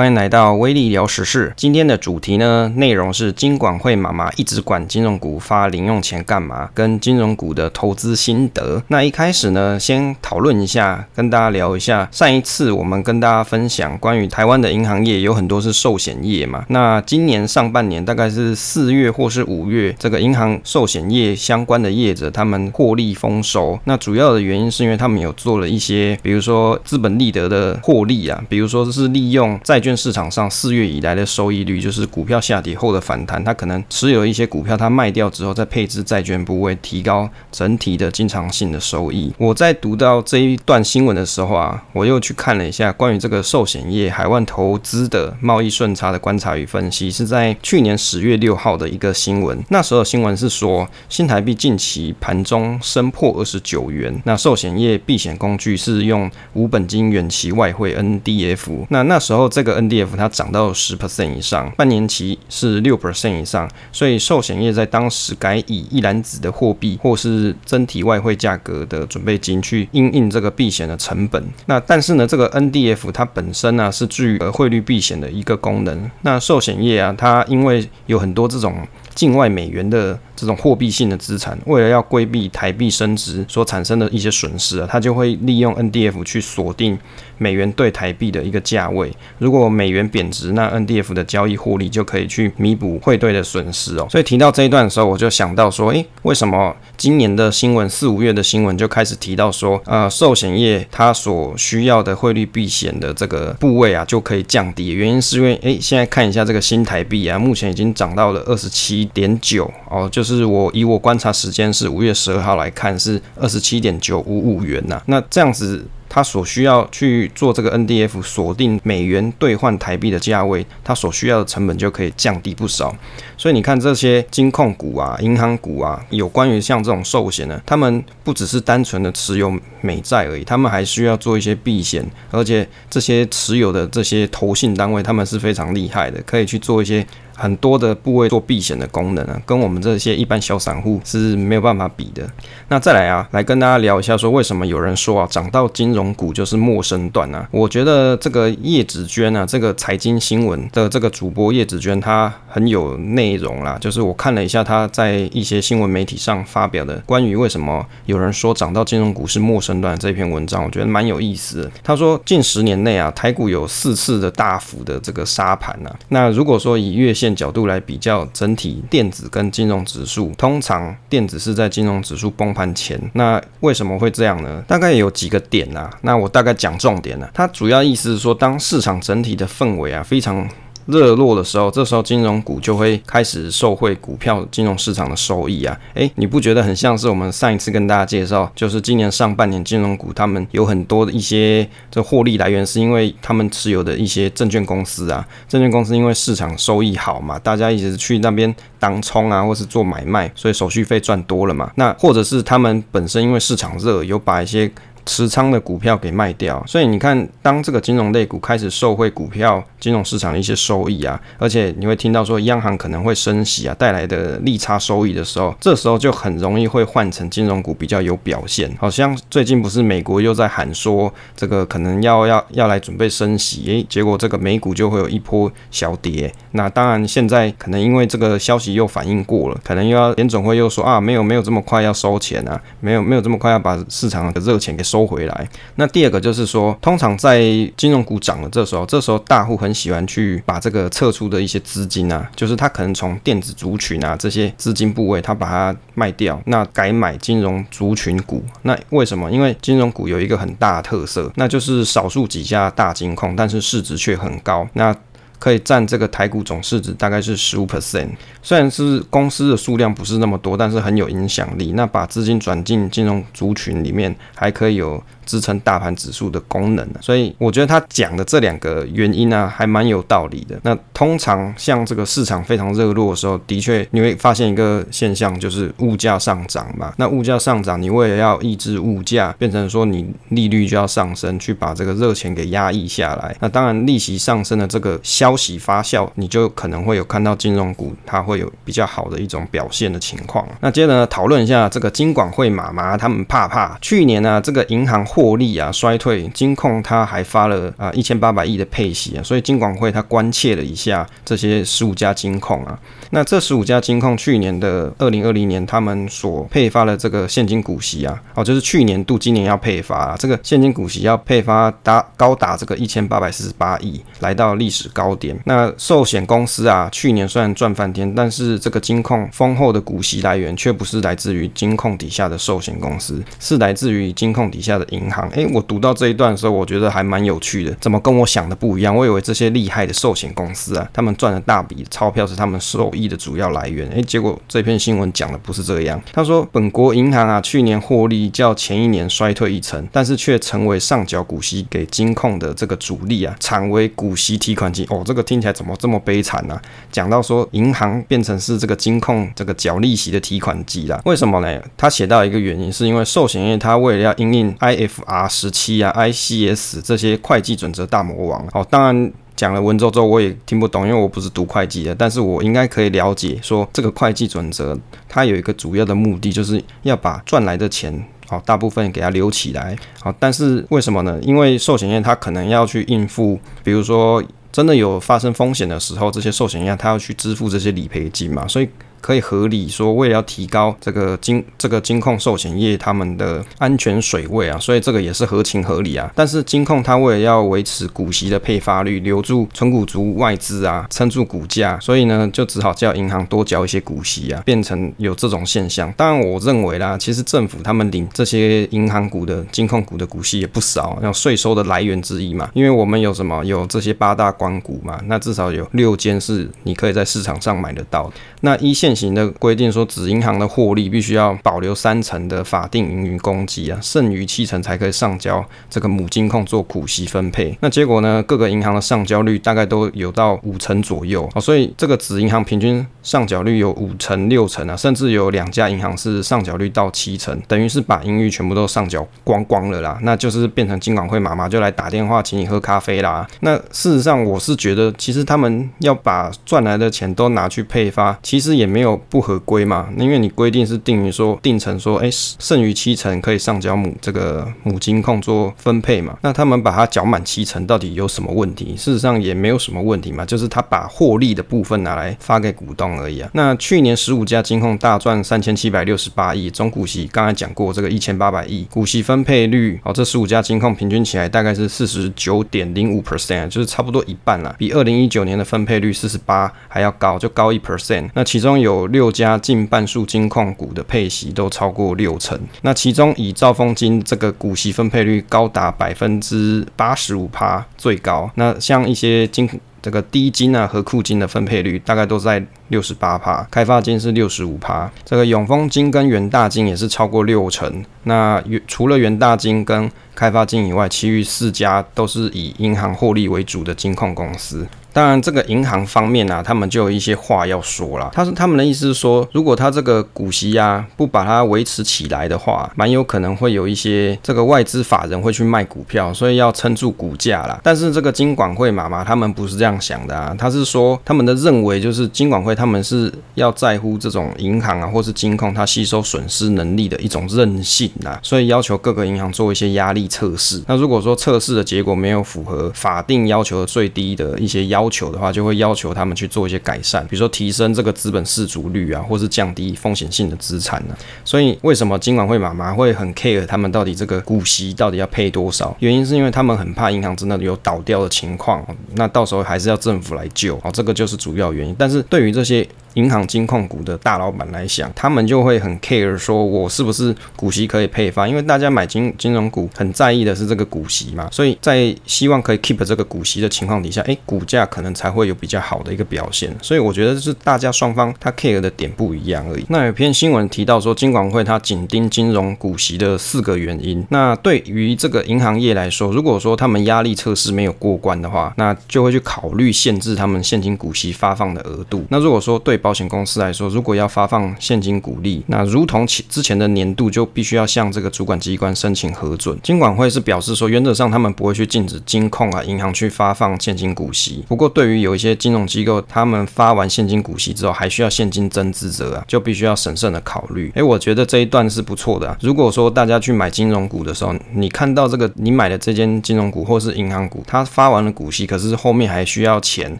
歡迎來到威利聊時事。今天的主題呢，內容是金管會媽媽一直管金融股發零用錢幹嘛？跟金融股的投資心得。那一開始呢，先討論一下，跟大家聊一下。上一次我們跟大家分享關於台灣的銀行業，有很多是壽險業嘛。那今年上半年大概是四月或是五月，這個銀行壽險業相關的業者，他們獲利豐收。那主要的原因是因為他們有做了一些，比如說資本利得的獲利啊，比如說是利用債券。市場上四月以來的收益率，就是股票下跌後的反彈。它可能持有一些股票，它賣掉之後再配置債券，不會提高整體的經常性的收益。我在讀到這一段新聞的時候啊，我又去看了一下關於這個壽險業海外投資的貿易順差的觀察與分析，是在去年十月六號的一個新聞。那時候新聞是說新台幣近期盤中升破二十九元，那壽險業避險工具是用無本金遠期外匯 （NDF）。那那時候這個。NDF 它漲到十 percent 以上，半年期是六 percent 以上，所以壽險業在當時改以一籃子的貨幣或是增提外匯價格的準備金去因應這個避險的成本。那但是呢，這個 NDF 它本身呢、啊、是具有匯率避險的一個功能。那壽險業啊，它因為有很多這種境外美元的這種貨幣性的資產，為了要規避台幣升值所產生的一些損失啊，它就會利用 NDF 去鎖定。美元兌台幣的一個價位，如果美元貶值，那 NDF 的交易獲利就可以去彌補匯兌的損失哦。所以提到這一段的時候，我就想到說，哎，為什麼今年的新聞四五月的新聞就開始提到說，呃，壽險業它所需要的匯率避險的這個部位啊，就可以降低？原因是因為，哎，現在看一下這個新台幣啊，目前已經漲到了二十七點九哦，就是我以我觀察時間是五月十二號來看，是二十七點九五五元吶、啊。那這樣子。它所需要去做這個 NDF 鎖定美元兌換台幣的價位，它所需要的成本就可以降低不少。所以你看這些金控股啊、銀行股啊，有關於像這種壽險呢，他們不只是單純的持有美債而已，他們還需要做一些避險，而且這些持有的這些投信單位，他們是非常厲害的，可以去做一些。很多的部位做避險的功能啊，跟我們這些一般小散戶是沒有辦法比的。那再來啊，來跟大家聊一下，說為什麼有人說啊，漲到金融股就是末升段啊，我覺得這個葉子娟啊，這個財經新聞的這個主播葉子娟，她很有內容啦。就是我看了一下她在一些新聞媒體上發表的關於為什麼有人說漲到金融股是末升段這篇文章，我覺得蠻有意思的。他說近十年內啊，台股有四次的大幅的這個殺盤啊，那如果說以月線。角度來比較整體電子跟金融指數，通常電子是在金融指數崩盤前。那為什麼會這樣呢？大概有幾個點啊。那我大概講重點啊，它主要意思是說，當市場整體的氛圍啊非常。熱絡的時候，這時候金融股就會開始受惠股票金融市場的收益啊，誒、欸，你不覺得很像是我們上一次跟大家介紹，就是今年上半年金融股他們有很多的一些這獲利來源，是因為他們持有的一些證券公司啊，證券公司因為市場收益好嘛，大家一直去那邊當沖啊，或是做買賣，所以手續費賺多了嘛，那或者是他們本身因為市場熱，有把一些持倉的股票給賣掉，所以你看，當這個金融類股開始受惠股票金融市場的一些收益啊，而且你會聽到說央行可能會升息啊，帶來的利差收益的時候，這時候就很容易會換成金融股比較有表現。好像最近不是美國又在喊說這個可能要要要來準備升息，誒，結果這個美股就會有一波小跌。那當然現在可能因為這個消息又反映過了，可能又要聯準會又說啊，沒有沒有這麼快要收錢啊，沒有沒有這麼快要把市場的熱錢給收。收回來。那第二個就是說，通常在金融股漲了這時候，這時候大戶很喜歡去把這個撤出的一些資金啊，就是他可能從電子族群啊這些資金部位，他把它賣掉，那改買金融族群股。那為什麼？因為金融股有一個很大的特色，那就是少數幾家大金控，但是市值卻很高。那可以佔這個台股總市值大概是15%，雖然是公司的數量不是那麼多，但是很有影響力。那把資金轉進金融族群裡面，還可以有支撐大盤指數的功能、啊、所以我覺得他講的這兩個原因呢、啊，還蠻有道理的。那通常像這個市場非常熱絡的時候，的確你會發現一個現象，就是物價上漲嘛。那物價上漲，你為了要抑制物價，變成說你利率就要上升，去把這個熱錢給壓抑下來。那當然，利息上升的這個消息發酵，你就可能會有看到金融股它會有比較好的一種表現的情況、啊。那接着呢，討論一下這個金管會媽媽他們怕怕，去年呢、啊、這個銀行。獲利啊，衰退，金控他還發了啊一千八百億的配息啊，所以金管會他關切了一下這些十五家金控啊，那這十五家金控去年的二零二零年他們所配發的這個現金股息啊，哦就是去年度今年要配發、啊、這個現金股息要配發達高達這個一千八百四十八億，來到歷史高點。那壽險公司啊，去年雖然賺翻天，但是這個金控豐厚的股息來源卻不是來自於金控底下的壽險公司，是來自於金控底下的銀行。行誒、欸，我讀到這一段的時候，我覺得還蠻有趣的。怎麼跟我想的不一樣？我以為這些厲害的壽險公司啊，他們賺了大筆鈔票是他們受益的主要來源。誒、欸，結果這篇新聞講的不是這樣。他說，本國銀行啊，去年獲利較前一年衰退一成，但是卻成為上繳股息給金控的這個主力啊，成為股息提款機。哦，這個聽起來怎麼這麼悲慘呢、啊？講到說銀行變成是這個金控這個繳利息的提款機啦。為什麼呢？他寫到一個原因，是因為壽險業他為了要營運 IF。r 十七啊，ICS 這些會計準則大魔王。哦，當然講了文縐縐我也聽不懂，因為我不是讀會計的。但是我應該可以了解，說這個會計準則它有一個主要的目的，就是要把賺來的錢，好、哦，大部分給它留起來。好、哦，但是為什麼呢？因為壽險業它可能要去應付，比如說真的有發生風險的時候，這些壽險業它要去支付這些理賠金嘛，所以。可以合理說，為了要提高這個金這個金控壽險業他們的安全水位啊，所以這個也是合情合理啊。但是金控它為了要維持股息的配發率，留住存股族外資啊，撐住股價，所以呢，就只好叫銀行多繳一些股息啊，變成有這種現象。當然，我認為啦，其實政府他們領這些銀行股的金控股的股息也不少，像稅收的來源之一嘛。因為我們有什麼有這些八大公股嘛，那至少有六間是你可以在市場上買得到的，那一線。現行的規定說，子銀行的獲利必須要保留三成的法定盈餘公積啊，剩餘七成才可以上交這個母金控做股息分配。那結果呢？各個銀行的上交率大概都有到五成左右哦，所以這個子銀行平均上繳率有五成六成啊，甚至有兩家銀行是上繳率到七成，等於是把盈餘全部都上繳光光了啦。那就是變成金管會媽媽就來打電話請你喝咖啡啦。那事實上，我是覺得其實他們要把賺來的錢都拿去配發，其實也沒。沒有不合規嘛？因為你規定是定於說定成說，哎，剩餘七成可以上交母這個母金控做分配嘛。那他們把它繳滿七成，到底有什麼問題？事實上也沒有什麼問題嘛，就是他把獲利的部分拿來發給股東而已啊。那去年十五家金控大賺三千七百六十八億，總股息剛才講過這個一千八百億，股息分配率，好、哦，這十五家金控平均起來大概是四十九點零五 percent，就是差不多一半啦，比二零一九年的分配率四十八還要高，就高一 percent。那其中有有六家近半數金控股的配息都超過六成，那其中以兆豐金這個股息分配率高達百分之八十五趴最高，那像一些金這個低金啊和庫金的分配率大概都在六十八趴，開發金是六十五趴，這個永豐金跟元大金也是超過六成，那除了元大金跟開發金以外，其餘四家都是以銀行獲利為主的金控公司。當然，這個銀行方面啊，他們就有一些話要說了。他是他們的意思是說，如果他這個股息啊，不把它維持起來的話，蠻有可能會有一些這個外資法人會去賣股票，所以要撐住股價啦。但是這個金管會媽媽他們不是這樣想的啊，他是說他們的認為就是金管會他們是要在乎這種銀行啊或是金控它吸收損失能力的一種韌性啊，所以要求各個銀行做一些壓力測試。那如果說測試的結果沒有符合法定要求的最低的一些壓，要求的話，就會要求他們去做一些改善，比如說提升這個資本適足率啊，或是降低風險性的資產呢、啊。所以為什麼金管會媽媽會很 care 他們到底這個股息到底要配多少？原因是因為他們很怕銀行真的有倒掉的情況，那到時候還是要政府來救，好，這個就是主要原因。但是對於這些。銀行金控股的大老板來想，他們就會很 care，說我是不是股息可以配發？因為大家買金金融股很在意的是這個股息嘛，所以在希望可以 keep 這個股息的情況底下，誒，股價可能才會有比較好的一個表現。所以我覺得是大家雙方他 care 的點不一樣而已。那有篇新聞提到說，金管會他緊盯金融股息的四個原因。那對於這個銀行業來說，如果說他們壓力測試沒有過關的話，那就會去考慮限制他們現金股息發放的額度。那如果說對保險公司來說，如果要發放現金股利，那如同其之前的年度，就必須要向這個主管機關申請核准。金管會是表示說，原則上他們不會去禁止金控啊、銀行去發放現金股息。不過，對於有一些金融機構，他們發完現金股息之後，還需要現金增資者啊，就必須要審慎的考慮。誒、欸，我覺得這一段是不錯的啊。如果說大家去買金融股的時候，你看到這個你買的這間金融股或是銀行股，它發完了股息，可是後面還需要錢，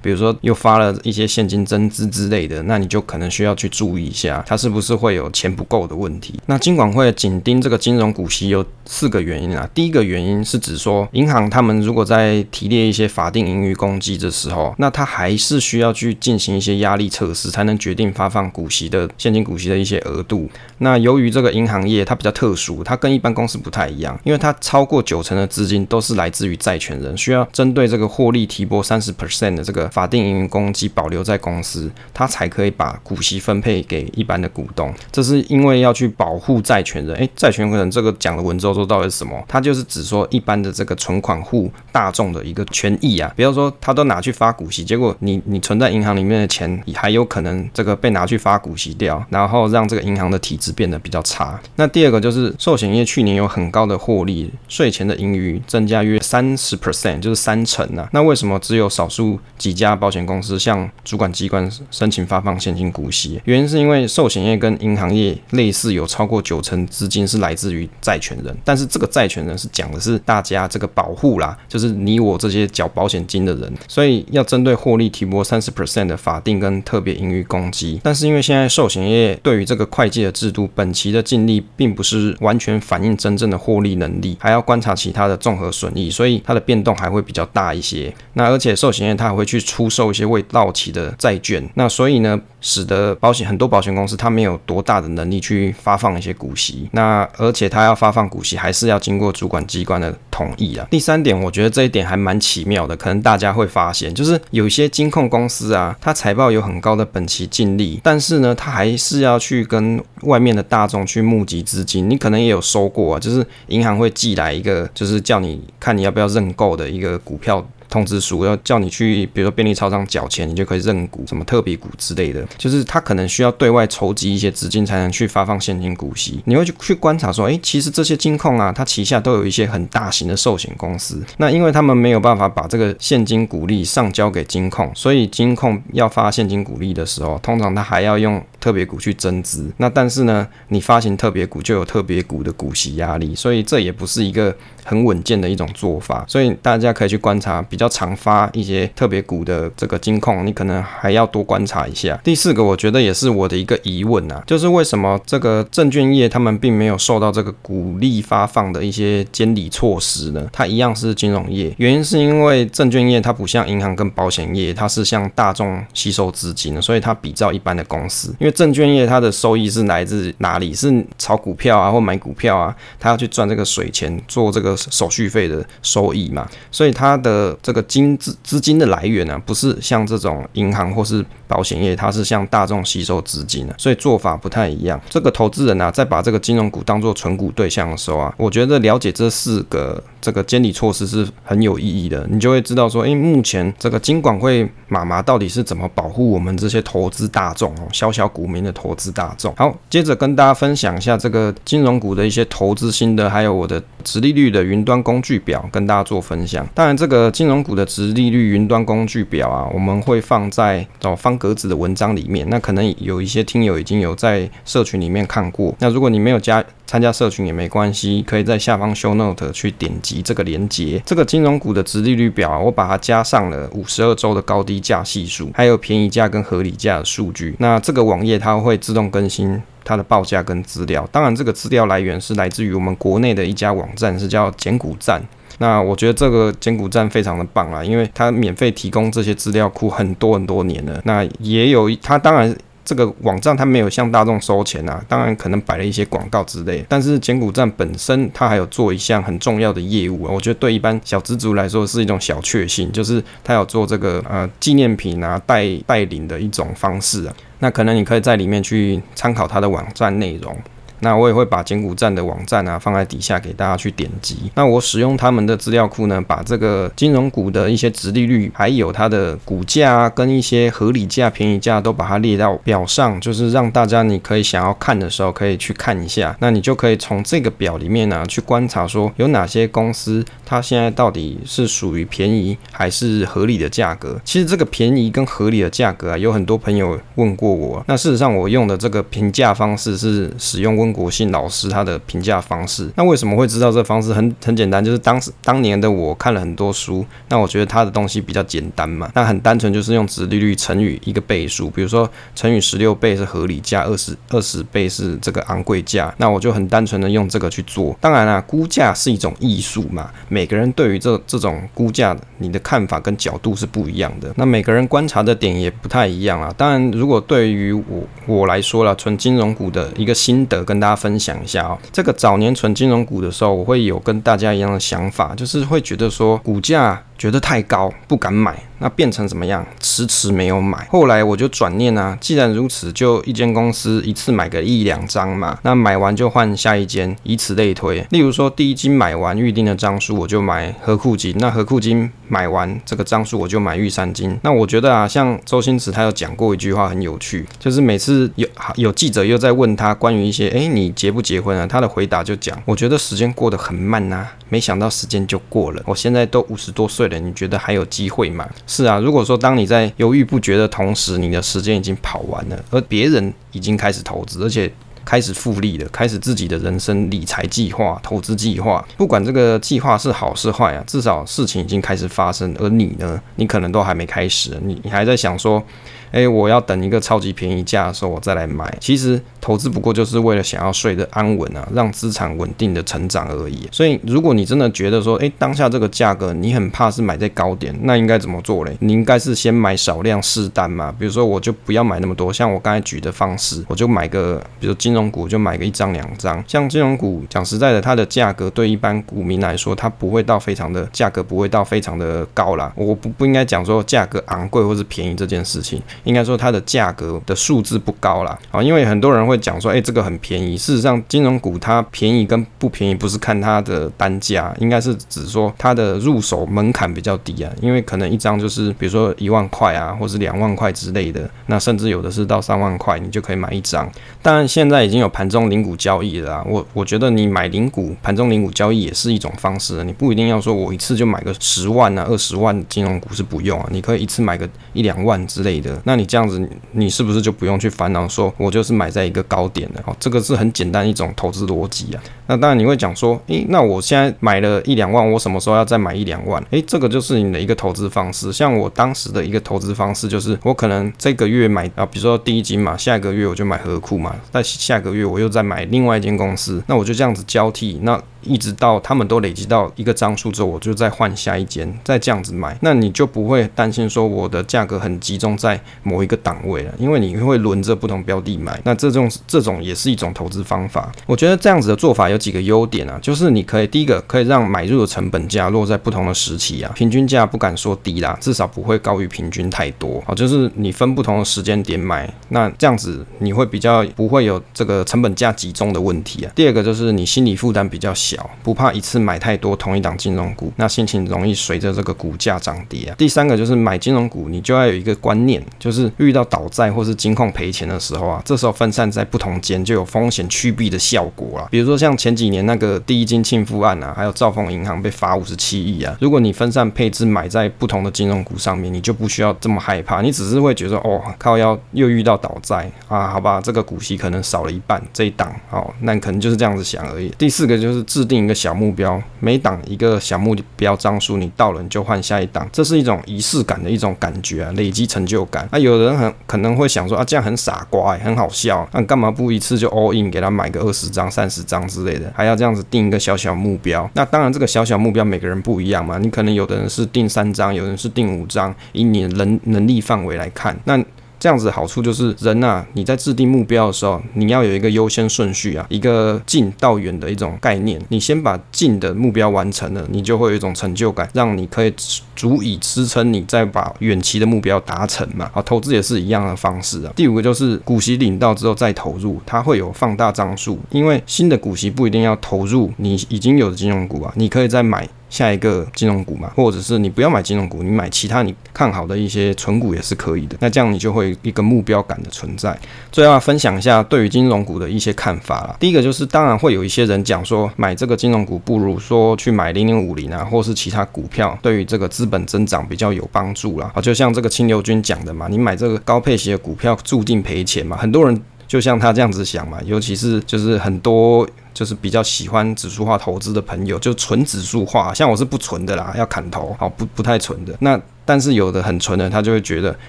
比如說又發了一些現金增資之類的。那你就可能需要去注意一下，它是不是會有錢不夠的問題。那金管會緊盯這個金融股息有四個原因啊。第一個原因是指說，銀行他們如果在提列一些法定盈餘公積的時候，那他還是需要去進行一些壓力測試，才能決定發放股息的現金股息的一些額度。那由於這個銀行業它比較特殊，它跟一般公司不太一樣，因為它超過九成的資金都是來自於債權人，需要針對這個獲利提撥三十 percent 的這個法定盈餘公積保留在公司，它才可。可以把股息分配給一般的股東，這是因為要去保護債權人。誒，債權人這個講的文縐縐到底是什麼？他就是指說一般的這個存款戶、大眾的一個權益啊。比方說，他都拿去發股息，結果你你存在銀行裡面的錢也還有可能這個被拿去發股息掉，然後讓這個銀行的體質變得比較差。那第二個就是壽險業去年有很高的獲利，稅前的盈餘增加約三十 percent，就是三成啊。那為什麼只有少數幾家保險公司向主管機關申請發放？放現金股息，原因是因為壽險業跟銀行業類似，有超過九成資金是來自於債權人，但是這個債權人是講的是大家這個保戶啦，就是你我這些繳保險金的人，所以要針對獲利提撥三十 percent 的法定跟特別盈餘公積。但是因為現在壽險業對於這個會計的制度，本期的淨利並不是完全反映真正的獲利能力，還要觀察其他的綜合損益，所以它的變動還會比較大一些。那而且壽險業它還會去出售一些未到期的債券，那所以呢，使得保險很多保險公司，它沒有多大的能力去發放一些股息。那而且它要發放股息，還是要經過主管機關的同意啊。第三點，我覺得這一點還蠻奇妙的，可能大家會發現，就是有些金控公司啊，它財報有很高的本期淨利，但是呢，它還是要去跟外面的大眾去募集資金。你可能也有收過啊，就是銀行會寄來一個，就是叫你看你要不要認購的一個股票。通知書要叫你去，比如說便利超商繳錢，你就可以認股，什麼特別股之類的。就是他可能需要對外籌集一些資金，才能去發放現金股息。你會去去觀察說，誒、欸，其實這些金控啊，它旗下都有一些很大型的壽險公司。那因為他們沒有辦法把這個現金股利上交給金控，所以金控要發現金股利的時候，通常他還要用特別股去增資。那但是呢，你發行特別股就有特別股的股息壓力，所以這也不是一個很穩健的一種做法。所以大家可以去觀察比。比較常發一些特別股的這個金控，你可能還要多觀察一下。第四個，我覺得也是我的一個疑問啊，就是為什麼這個證券業他們並沒有受到這個股利發放的一些監理措施呢？它一樣是金融業，原因是因為證券業它不像銀行跟保險業，它是向大眾吸收資金，所以它比照一般的公司。因為證券業它的收益是來自哪裡？是炒股票啊，或買股票啊，它要去賺這個水錢，做這個手續費的收益嘛，所以它的。這個金資資金的來源呢、啊，不是像這種銀行或是保險業，它是向大眾吸收資金的、啊，所以做法不太一樣。這個投資人呢、啊，在把這個金融股當做存股對象的時候啊，我覺得了解這四個這個監理措施是很有意義的，你就會知道說，哎、欸，目前這個金管會媽媽到底是怎麼保護我們這些投資大眾哦，小小股民的投資大眾。好，接着跟大家分享一下這個金融股的一些投資心得，還有我的殖利率的雲端工具表，跟大家做分享。當然，這個金融金融股的殖利率雲端工具表啊，我們會放在找、哦、方格子的文章裡面。那可能有一些聽友已經有在社群裡面看過。那如果你沒有加參加社群也沒關係，可以在下方 show note 去點擊這個連結。這個金融股的殖利率表啊，我把它加上了五十二週的高低價係數，還有便宜價跟合理價的數據。那這個網頁它會自動更新它的報價跟資料。當然，這個資料來源是來自於我們國內的一家網站，是叫撿股讚。那我覺得這個撿骨讚非常的棒啦，啊，因為它免費提供這些資料庫很多很多年了。那也有它，他當然這個網站它沒有向大眾收錢啊，當然可能擺了一些廣告之類。但是撿骨讚本身它還有做一項很重要的業務啊，我覺得對一般小資族來說是一種小確幸，就是它有做這個呃紀念品啊，帶代領的一種方式啊。那可能你可以在裡面去參考它的網站內容。那我也會把撿骨讚的網站啊放在底下給大家去點擊。那我使用他們的資料庫呢，把這個金融股的一些殖利率，還有它的股價啊，跟一些合理價、便宜價都把它列到表上，就是讓大家你可以想要看的時候可以去看一下。那你就可以從這個表裡面呢、啊、去觀察說有哪些公司它現在到底是屬於便宜還是合理的價格。其實這個便宜跟合理的價格啊，有很多朋友問過我、啊。那事實上我用的這個評價方式是使用問。溫國信老師他的評價方式，那為什麼會知道這方式很很簡單？就是當時當年的我看了很多書，那我覺得他的東西比較簡單嘛，那很單純就是用殖利率乘以一個倍數，比如說乘以十六倍是合理價，二十二十倍是這個昂貴價，那我就很單純的用這個去做。當然啦、啊，估價是一種藝術嘛，每個人對於這這種估價，你的看法跟角度是不一樣的，那每個人觀察的點也不太一樣啊。當然，如果對於我我來說啦，純金融股的一個心得跟跟大家分享一下哦，這個早年存金融股的時候，我會有跟大家一樣的想法，就是會覺得說股價。覺得太高不敢買，那變成怎麼樣？遲遲沒有買。後來我就轉念啊，既然如此，就一間公司一次買個一兩張嘛。那買完就換下一間，以此類推。例如說，第一金買完預定的張數，我就買合庫金。那合庫金買完這個張數，我就買玉山金。那我覺得啊，像周星馳他有講過一句話很有趣，就是每次有有記者又在問他關於一些，哎，你結不結婚啊？他的回答就講，我覺得時間過得很慢吶、啊，沒想到時間就過了。我現在都五十多歲了。你覺得還有機會嗎？是啊，如果說，當你在猶豫不決的同時，你的時間已經跑完了，而別人已經開始投資，而且開始複利了，開始自己的人生理財計劃、投資計劃，不管這個計劃是好是壞啊，至少事情已經開始發生，而你呢，你可能都還沒開始，你你還在想說，哎，欸、我要等一個超級便宜價的時候，我再來買。其實投資不過就是為了想要睡得安穩啊，讓資產穩定的成長而已。所以，如果你真的覺得說，哎，當下這個價格你很怕是買在高點，那應該怎麼做嘞？你應該是先買少量試單嘛。比如說，我就不要買那麼多，像我剛才舉的方式，我就買個，比如說金融股，我就買個一張兩張。像金融股，講實在的，它的價格對一般股民來說，它不會到非常的價格不會到非常的高啦。我不不應該講說價格昂貴或是便宜這件事情。應該說它的價格的數字不高啦啊，因為很多人會講說，哎、欸，這個很便宜。事實上，金融股它便宜跟不便宜不是看它的單價，應該是指說它的入手門檻比較低啊。因為可能一張就是比如說一萬塊啊，或是兩萬塊之類的，那甚至有的是到三萬塊，你就可以買一張。當然，現在已經有盤中零股交易了啦，我我覺得你買零股，盤中零股交易也是一種方式的，你不一定要說我一次就買個十萬啊、二十萬金融股是不用啊，你可以一次買個一兩萬之類的。那你這樣子，你是不是就不用去煩惱，說我就是買在一個高點了，哦，這個是很簡單一種投資邏輯啊。那當然你會講說，誒、欸，那我現在買了一兩萬，我什麼時候要再買一兩萬？誒、欸，這個就是你的一個投資方式。像我當時的一個投資方式就是，我可能這個月買啊，比如說第一金嘛，下個月我就買合庫嘛，但下個月我又再買另外一間公司，那我就這樣子交替。那一直到他們都累積到一個張數之後，我就再換下一間，再這樣子買，那你就不會擔心說，我的價格很集中在某一個檔位了，因為你會輪着不同標的買，那這種這種也是一種投資方法。我覺得這樣子的做法有幾個優點啊，就是你可以第一個可以讓買入的成本價落在不同的時期啊，平均價不敢說低啦，至少不會高於平均太多。好，就是你分不同的時間點買，那這樣子你會比較不會有這個成本價集中的問題啊。第二個就是你心理負擔比較小。小，不怕一次買太多同一檔金融股，那心情容易隨着這個股價漲跌啊。第三個就是買金融股，你就要有一個觀念，就是遇到倒債或是金控賠錢的時候啊，這時候分散在不同間就有風險趨避的效果啊。比如說像前幾年那個第一金慶富案啊，還有兆豐銀行被罰五十七億啊，如果你分散配置買在不同的金融股上面，你就不需要這麼害怕，你只是會覺得哦，靠，要又遇到倒債啊，好吧，這個股息可能少了一半這一檔，哦，那可能就是這樣子想而已。第四個就是。制定一個小目標，每檔一,一個小目標張數，你到了你就換下一檔，這是一種儀式感的一種感覺啊，累積成就感。啊、有人很可能會想說啊，這樣很傻瓜、欸，很好笑、啊，那幹嘛不一次就 all in，給他買個二十張、三十張之類的，還要這樣子定一個小小目標？那當然，這個小小目標每個人不一樣嘛，你可能有的人是定三張，有的人是定五張，以你的能能力範圍來看，那。這樣子的好處就是人吶、啊，你在制定目標的時候，你要有一個優先順序啊，一個近到遠的一種概念。你先把近的目標完成了，你就會有一種成就感，讓你可以足以支撐你再把遠期的目標達成嘛。好，投資也是一樣的方式啊。第五個就是股息領到之後再投入，它會有放大張數，因為新的股息不一定要投入你已經有的金融股啊，你可以再買。下一個金融股嘛，或者是你不要買金融股，你買其他你看好的一些存股也是可以的。那這樣你就會一個目標感的存在。最後要分享一下對於金融股的一些看法啦。第一個就是，當然會有一些人講說，買這個金融股不如說去買零零五零啊，或是其他股票，對於這個資本增長比較有幫助啦。啊，就像這個清流君講的嘛，你買這個高配息的股票注定賠錢嘛，很多人。就像他這樣子想嘛，尤其是就是很多就是比較喜歡指數化投資的朋友，就純指數化，像我是不純的啦，要砍頭，好，不，不太純的，那。但是有的很純的，他就會覺得、欸、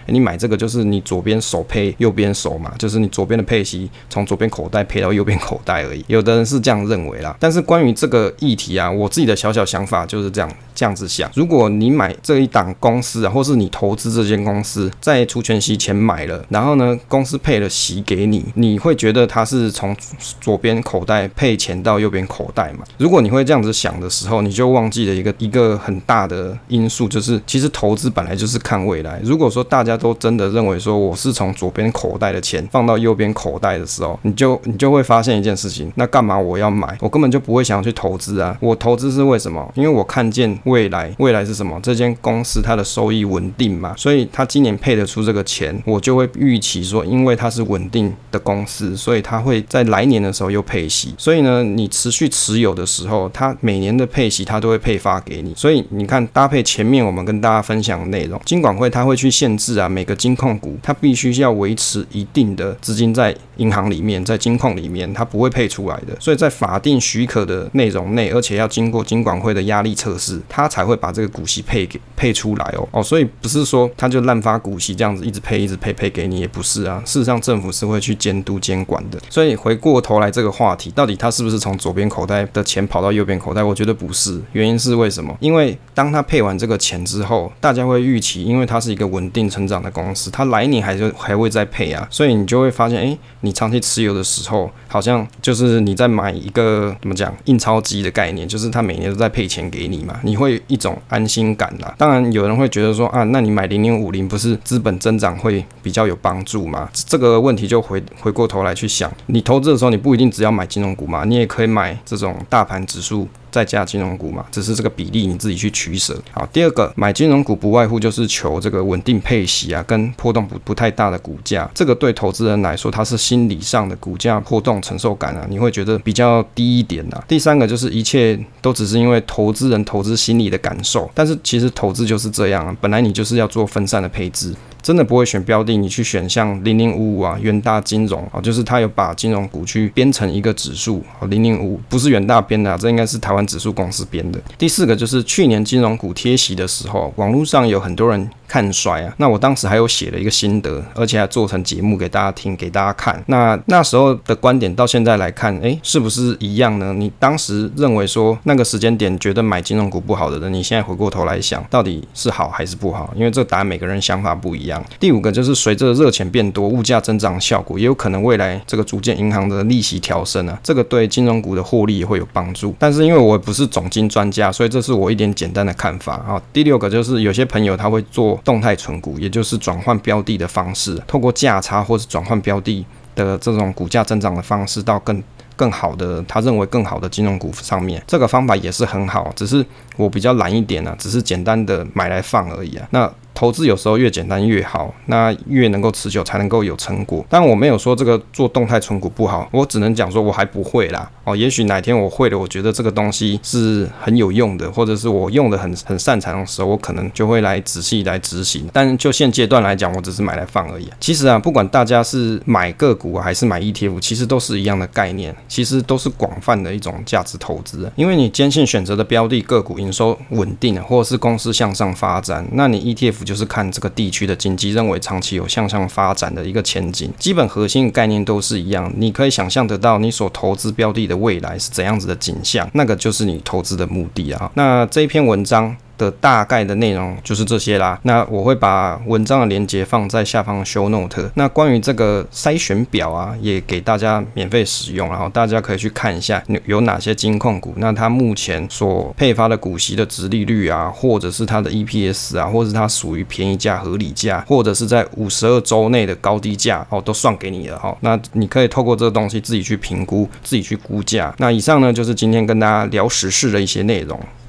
你買這個就是你左邊手配右邊手嘛，就是你左邊的配息從左邊口袋配到右邊口袋而已，有的人是這樣認為啦。但是關於這個議題啊，我自己的小小想法就是這樣這樣子想：如果你買這一檔公司啊，或是你投資這間公司在除權息前買了，然後呢，公司配了息給你，你會覺得它是從左邊口袋配錢到右邊口袋嘛？如果你會這樣子想的時候，你就忘記了一個一個很大的因素，就是其實投資。本來就是看未來。如果說大家都真的認為說我是從左邊口袋的錢放到右邊口袋的時候，你就你就會發現一件事情，那幹嘛我要買？我根本就不會想要去投資啊！我投資是為什麼？因為我看見未來，未來是什麼？這間公司它的收益穩定嘛，所以它今年配得出這個錢，我就會預期說，因為它是穩定的公司，所以它會在來年的時候又配息。所以呢，你持續持有的時候，它每年的配息它都會配發給你。所以你看，搭配前面我們跟大家分享。內容，金管會他會去限制啊，每個金控股他必須要維持一定的資金在銀行裡面，在金控裡面，他不會配出來的。所以在法定許可的內容內，而且要經過金管會的壓力測試，他才會把這個股息配給配出來哦哦。所以不是說他就濫發股息這樣子一直配一直配配給你，也不是啊。事實上政府是會去監督監管的。所以回過頭來這個話題，到底他是不是從左邊口袋的錢跑到右邊口袋？我覺得不是，原因是為什麼？因為當他配完這個錢之後，大家會預期，因為它是一個穩定成長的公司，它來年還是還會再配啊，所以你就會發現，誒、欸，你長期持有的時候，好像就是你在買一個怎麼講印鈔機的概念，就是它每年都在配錢給你嘛，你會有一種安心感啦。當然，有人會覺得說啊，那你買零零五零不是資本增長會比較有幫助嗎？這個問題就回回過頭來去想，你投資的時候，你不一定只要買金融股嘛，你也可以買這種大盤指數。再加金融股嘛，只是這個比例你自己去取捨。好，第二個買金融股不外乎就是求這個穩定配息啊，跟波動不不太大的股價，這個對投資人來說，它是心理上的股價波動承受感啊，你會覺得比較低一點吶、啊。第三個就是一切都只是因為投資人投資心理的感受，但是其實投資就是這樣、啊，本來你就是要做分散的配置。真的不會選標的，你去選像零零五五啊、元大金融啊、哦，就是他有把金融股去編成一個指數啊、哦。零零五五不是元大編的、啊，這應該是台灣指數公司編的。第四個就是去年金融股貼息的時候，網絡上有很多人看衰啊。那我當時還有寫了一個心得，而且還做成節目給大家聽、給大家看。那那時候的觀點到現在來看，哎、欸，是不是一樣呢？你當時認為說那個時間點覺得買金融股不好的人，你現在回過頭來想，到底是好還是不好？因為這答案每個人想法不一樣。第五個就是隨着熱錢變多，物價增長效果也有可能未來這個逐漸銀行的利息調升啊，這個對金融股的獲利也會有幫助。但是因為我不是總經專家，所以這是我一點簡單的看法啊。第六個就是有些朋友他會做動態存股，也就是轉換標的的方式，透過價差或者轉換標的的這種股價增長的方式到更更好的他認為更好的金融股上面，這個方法也是很好，只是我比較懶一點啊，只是簡單的買來放而已啊。那投資有時候越簡單越好，那越能夠持久，才能夠有成果。但我沒有說這個做動態存股不好，我只能講說我還不會啦。哦，也許哪天我會了，我覺得這個東西是很有用的，或者是我用的很很擅長的時候，我可能就會來仔細來執行。但就現階段來講，我只是買來放而已。其實啊，不管大家是買個股啊，還是買 ETF，其實都是一樣的概念，其實都是廣泛的一種價值投資。因為你堅信選擇的標的個股營收穩定，或者是公司向上發展，那你 ETF。就是看這個地區的經濟，認為長期有向上發展的一個前景，基本核心概念都是一樣，你可以想象得到你所投資標的的未來是怎樣子的景象，那個就是你投資的目的啊。那這一篇文章。的大概的內容就是這些啦。那我會把文章的鏈接放在下方 show note。那關於這個篩選表啊，也給大家免費使用，然後大家可以去看一下有哪些金控股，那它目前所配發的股息的殖利率啊，或者是它的 EPS 啊，或者是它屬於便宜價、合理價，或者是在五十二周內的高低價哦，都算給你了哈。那你可以透過這個東西自己去評估、自己去估價。那以上呢，就是今天跟大家聊時事的一些內容。